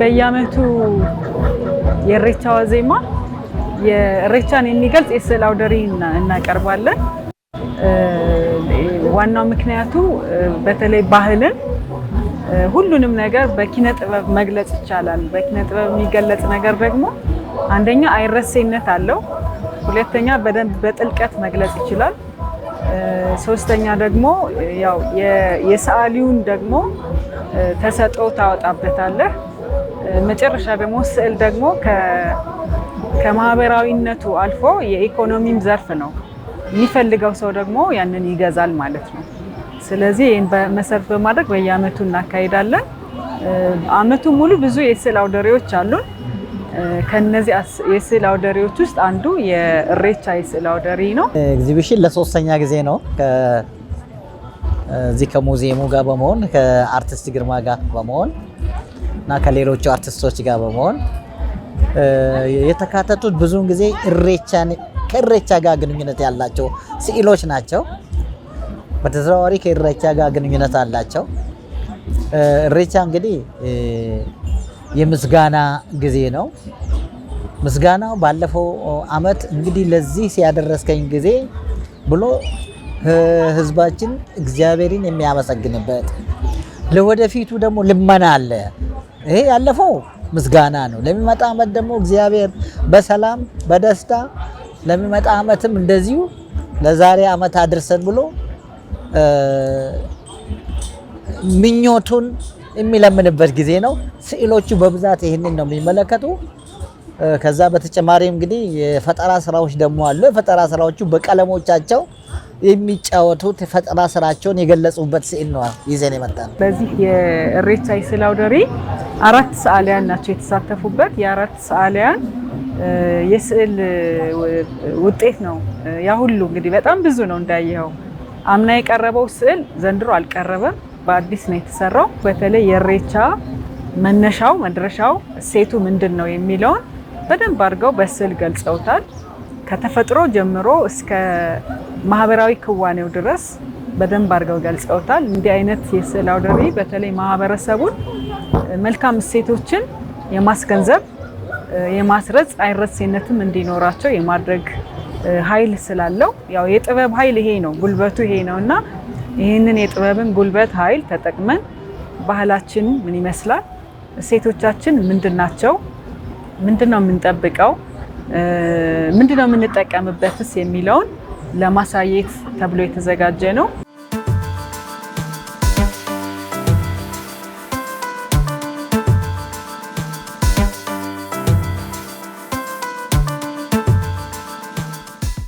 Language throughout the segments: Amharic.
በየአመቱ የኢሬቻ ዋዜማ የኢሬቻን የሚገልጽ የስዕል እናቀርባለን። ዋናው ምክንያቱ በተለይ ባህልን ሁሉንም ነገር በኪነ ጥበብ መግለጽ ይቻላል። በኪነ ጥበብ የሚገለጽ ነገር ደግሞ አንደኛ አይረሴነት አለው፣ ሁለተኛ በደንብ በጥልቀት መግለጽ ይችላል፣ ሶስተኛ ደግሞ ያው የሰዓሊውን ደግሞ ተሰጥኦ ታወጣበታለህ። መጨረሻ ደግሞ ስዕል ደግሞ ከማህበራዊነቱ አልፎ የኢኮኖሚም ዘርፍ ነው። የሚፈልገው ሰው ደግሞ ያንን ይገዛል ማለት ነው። ስለዚህ ይህን መሰረት በማድረግ በየአመቱ እናካሄዳለን። አመቱ ሙሉ ብዙ የስዕል አውደሬዎች አሉን። ከነዚህ የስዕል አውደሬዎች ውስጥ አንዱ የእሬቻ የስዕል አውደሪ ነው። ኤግዚቢሽን ለሶስተኛ ጊዜ ነው እዚህ ከሙዚየሙ ጋር በመሆን ከአርቲስት ግርማ ጋር በመሆን እና ከሌሎቹ አርቲስቶች ጋር በመሆን የተካተቱት ብዙውን ጊዜ ከእሬቻ ጋር ግንኙነት ያላቸው ስዕሎች ናቸው። በተዘዋዋሪ ከእሬቻ ጋር ግንኙነት አላቸው። እሬቻ እንግዲህ የምስጋና ጊዜ ነው። ምስጋናው ባለፈው አመት እንግዲህ ለዚህ ሲያደረስከኝ ጊዜ ብሎ ህዝባችን እግዚአብሔርን የሚያመሰግንበት ለወደፊቱ ደግሞ ልመና አለ። ይሄ ያለፈው ምስጋና ነው። ለሚመጣ ዓመት ደግሞ እግዚአብሔር በሰላም በደስታ ለሚመጣ ዓመትም እንደዚሁ ለዛሬ ዓመት አድርሰን ብሎ ምኞቱን የሚለምንበት ጊዜ ነው። ስዕሎቹ በብዛት ይህንን ነው የሚመለከቱ። ከዛ በተጨማሪ እንግዲህ የፈጠራ ስራዎች ደግሞ አሉ። የፈጠራ ስራዎቹ በቀለሞቻቸው የሚጫወቱት የፈጠራ ስራቸውን የገለጹበት ስዕል ነው ይዘን የመጣ ነው። በዚህ የእሬቻ ስዕል አውደ ርዕይ አራት ሰዓሊያን ናቸው የተሳተፉበት። የአራት ሰዓሊያን የስዕል ውጤት ነው ያ ሁሉ። እንግዲህ በጣም ብዙ ነው እንዳየኸው። አምና የቀረበው ስዕል ዘንድሮ አልቀረበም፣ በአዲስ ነው የተሰራው። በተለይ የሬቻ መነሻው መድረሻው እሴቱ ምንድን ነው የሚለውን በደንብ አድርገው በስዕል ገልጸውታል። ከተፈጥሮ ጀምሮ እስከ ማህበራዊ ክዋኔው ድረስ በደንብ አድርገው ገልጸውታል። እንዲህ አይነት የስዕል አውደ ርዕይ በተለይ ማህበረሰቡን መልካም እሴቶችን የማስገንዘብ የማስረጽ አይረሴነትም እንዲኖራቸው የማድረግ ኃይል ስላለው ያው የጥበብ ኃይል ይሄ ነው፣ ጉልበቱ ይሄ ነው እና ይህንን የጥበብን ጉልበት ኃይል ተጠቅመን ባህላችን ምን ይመስላል፣ እሴቶቻችን ምንድን ናቸው፣ ምንድን ነው የምንጠብቀው፣ ምንድን ነው የምንጠቀምበትስ የሚለውን ለማሳየት ተብሎ የተዘጋጀ ነው።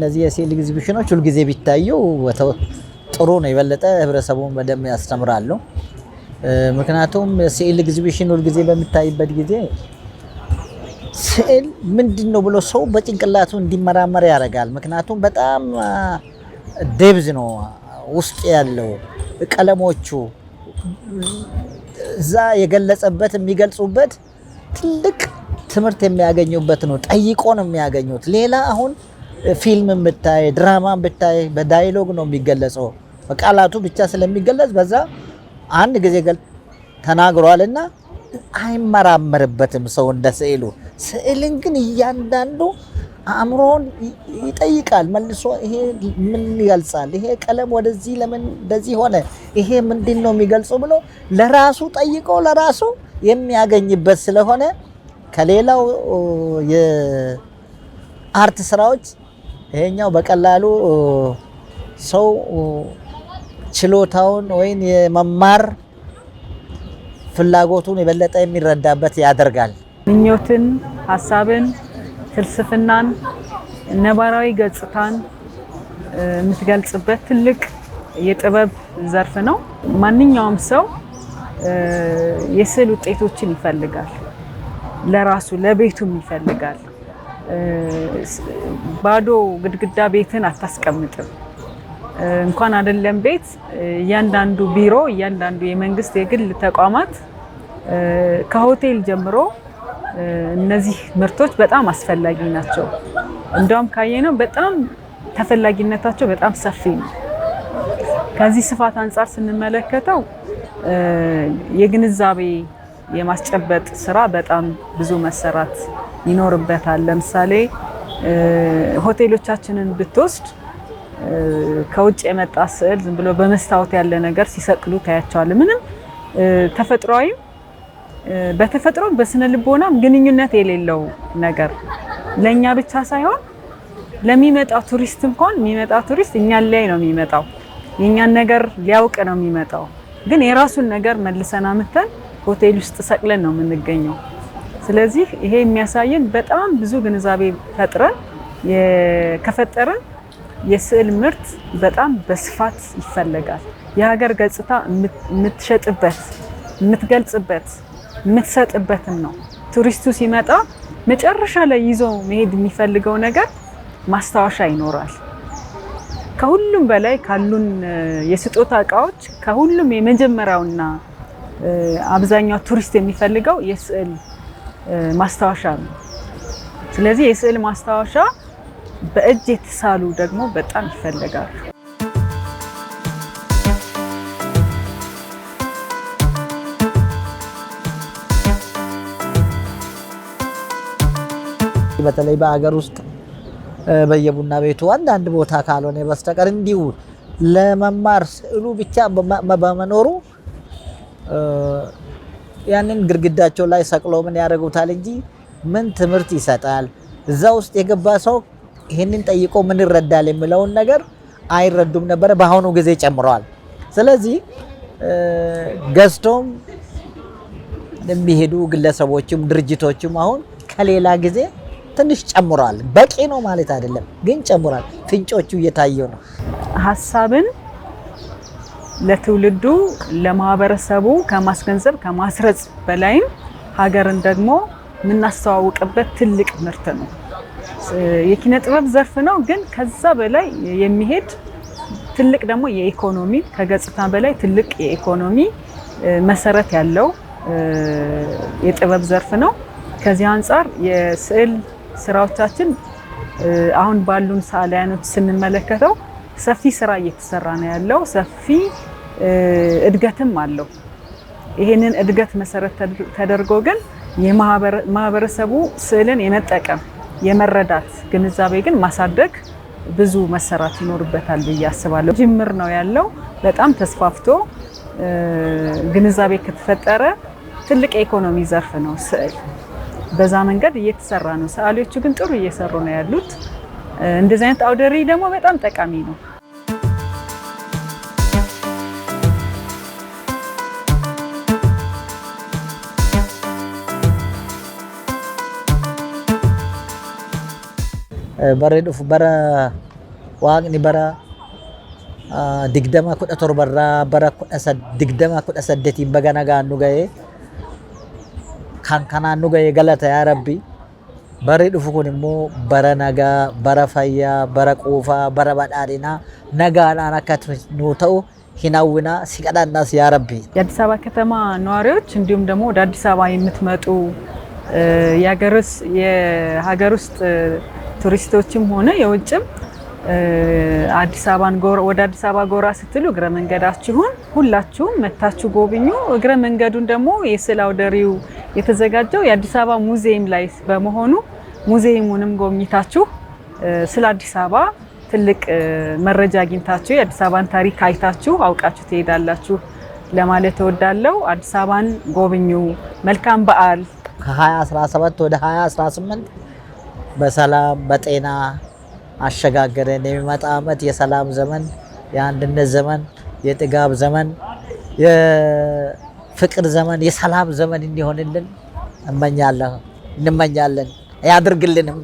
እነዚህ የሴል ኤግዚቢሽኖች ሁልጊዜ ቢታዩ ጥሩ ነው። የበለጠ ህብረተሰቡን በደንብ ያስተምራሉ። ምክንያቱም ሴል ኤግዚቢሽን ሁልጊዜ በሚታይበት ጊዜ ስዕል ምንድን ነው ብሎ ሰው በጭንቅላቱ እንዲመራመር ያደርጋል። ምክንያቱም በጣም ዴብዝ ነው ውስጥ ያለው ቀለሞቹ እዛ የገለጸበት የሚገልጹበት ትልቅ ትምህርት የሚያገኙበት ነው። ጠይቆ ነው የሚያገኙት። ሌላ አሁን ፊልም ብታይ፣ ድራማ ብታይ በዳይሎግ ነው የሚገለጸው። በቃላቱ ብቻ ስለሚገለጽ በዛ አንድ ጊዜ ገል ተናግሯልና አይመራመርበትም ሰው እንደ ስዕሉ። ስዕልን ግን እያንዳንዱ አእምሮውን ይጠይቃል መልሶ። ይሄ ምን ይገልጻል? ይሄ ቀለም ወደዚህ ለምን እንደዚህ ሆነ? ይሄ ምንድን ነው የሚገልጸው ብሎ ለራሱ ጠይቆ ለራሱ የሚያገኝበት ስለሆነ ከሌላው የአርት ስራዎች ይሄኛው በቀላሉ ሰው ችሎታውን ወይም የመማር ፍላጎቱን የበለጠ የሚረዳበት ያደርጋል። ምኞትን፣ ሀሳብን፣ ፍልስፍናን፣ ነባራዊ ገጽታን የምትገልጽበት ትልቅ የጥበብ ዘርፍ ነው። ማንኛውም ሰው የስዕል ውጤቶችን ይፈልጋል፣ ለራሱ ለቤቱም ይፈልጋል። ባዶ ግድግዳ ቤትን አታስቀምጥም። እንኳን አይደለም ቤት፣ እያንዳንዱ ቢሮ፣ እያንዳንዱ የመንግስት የግል ተቋማት ከሆቴል ጀምሮ እነዚህ ምርቶች በጣም አስፈላጊ ናቸው። እንደውም ካየነው በጣም ተፈላጊነታቸው በጣም ሰፊ ነው። ከዚህ ስፋት አንጻር ስንመለከተው የግንዛቤ የማስጨበጥ ስራ በጣም ብዙ መሰራት ይኖርበታል። ለምሳሌ ሆቴሎቻችንን ብትወስድ ከውጭ የመጣ ስዕል ዝም ብሎ በመስታወት ያለ ነገር ሲሰቅሉ ታያቸዋል። ምንም ተፈጥሯዊም በተፈጥሮ በስነ ልቦናም ግንኙነት የሌለው ነገር ለእኛ ብቻ ሳይሆን ለሚመጣው ቱሪስት እንኳን የሚመጣው ቱሪስት እኛን ላይ ነው የሚመጣው። የእኛን ነገር ሊያውቅ ነው የሚመጣው። ግን የራሱን ነገር መልሰን አምተን ሆቴል ውስጥ ሰቅለን ነው የምንገኘው። ስለዚህ ይሄ የሚያሳየን በጣም ብዙ ግንዛቤ ፈጥረን ከፈጠረን የስዕል ምርት በጣም በስፋት ይፈለጋል። የሀገር ገጽታ የምትሸጥበት፣ የምትገልጽበት፣ የምትሰጥበትም ነው። ቱሪስቱ ሲመጣ መጨረሻ ላይ ይዞ መሄድ የሚፈልገው ነገር ማስታወሻ ይኖራል። ከሁሉም በላይ ካሉን የስጦታ እቃዎች ከሁሉም የመጀመሪያውና አብዛኛው ቱሪስት የሚፈልገው የስዕል ማስታወሻ ነው። ስለዚህ የስዕል ማስታወሻ በእጅ የተሳሉ ደግሞ በጣም ይፈለጋሉ። በተለይ በሀገር ውስጥ በየቡና ቤቱ አንዳንድ ቦታ ካልሆነ በስተቀር እንዲሁ ለመማር ስዕሉ ብቻ በመኖሩ ያንን ግድግዳቸው ላይ ሰቅሎ ምን ያደርጉታል እንጂ ምን ትምህርት ይሰጣል? እዛ ውስጥ የገባ ሰው ይህንን ጠይቆ ምን ይረዳል የሚለውን ነገር አይረዱም ነበረ። በአሁኑ ጊዜ ጨምረዋል። ስለዚህ ገዝቶም የሚሄዱ ግለሰቦችም ድርጅቶችም አሁን ከሌላ ጊዜ ትንሽ ጨምሯል። በቂ ነው ማለት አይደለም፣ ግን ጨምሯል። ፍንጮቹ እየታየው ነው ሀሳብን ለትውልዱ ለማህበረሰቡ ከማስገንዘብ ከማስረጽ በላይም ሀገርን ደግሞ የምናስተዋውቅበት ትልቅ ምርት ነው። የኪነ ጥበብ ዘርፍ ነው፣ ግን ከዛ በላይ የሚሄድ ትልቅ ደግሞ የኢኮኖሚ ከገጽታ በላይ ትልቅ የኢኮኖሚ መሰረት ያለው የጥበብ ዘርፍ ነው። ከዚህ አንጻር የስዕል ስራዎቻችን አሁን ባሉን ሰዓሊያኖች ስንመለከተው ሰፊ ስራ እየተሰራ ነው ያለው። ሰፊ እድገትም አለው። ይሄንን እድገት መሰረት ተደርጎ ግን የማህበረሰቡ ስዕልን የመጠቀም የመረዳት ግንዛቤ ግን ማሳደግ ብዙ መሰራት ይኖርበታል ብዬ አስባለሁ። ጅምር ነው ያለው። በጣም ተስፋፍቶ ግንዛቤ ከተፈጠረ ትልቅ የኢኮኖሚ ዘርፍ ነው ስዕል። በዛ መንገድ እየተሰራ ነው። ሰዓሊዎቹ ግን ጥሩ እየሰሩ ነው ያሉት። እንደዚህ አይነት አውደሪ ደግሞ በጣም ጠቃሚ ነው። barree dhufu bara waaqni bara digdama kudha torbarraa bara digdama kudha saddeetiin baga nagaan nu ga'ee kan kanaan nu ga'ee galata yaa rabbi barri dhufu kun immoo bara nagaa bara fayyaa bara quufaa bara badhaadhinaa nagaadhaan akka nu ta'u hin hawwina si ቀዳናስ ያ ረቢ። የአዲስ አበባ ከተማ ነዋሪዎች እንዲሁም ደግሞ ወደ አዲስ አበባ የምትመጡ የሀገር ውስጥ ቱሪስቶችም ሆነ የውጭም አዲስ አበባን ወደ አዲስ አበባ ጎራ ስትሉ እግረ መንገዳችሁን ሁላችሁም መታችሁ ጎብኙ። እግረ መንገዱን ደግሞ የስዕል አውደ የተዘጋጀው የአዲስ አበባ ሙዚየም ላይ በመሆኑ ሙዚየሙንም ጎብኝታችሁ ስለ አዲስ አበባ ትልቅ መረጃ አግኝታችሁ የአዲስ አበባን ታሪክ አይታችሁ አውቃችሁ ትሄዳላችሁ ለማለት እወዳለሁ። አዲስ አበባን ጎብኙ። መልካም በዓል ከ2017 ወደ 2018 በሰላም በጤና አሸጋገረን። የሚመጣ ዓመት የሰላም ዘመን፣ የአንድነት ዘመን፣ የጥጋብ ዘመን፣ የፍቅር ዘመን፣ የሰላም ዘመን እንዲሆንልን እመኛለሁ እንመኛለን ያድርግልንም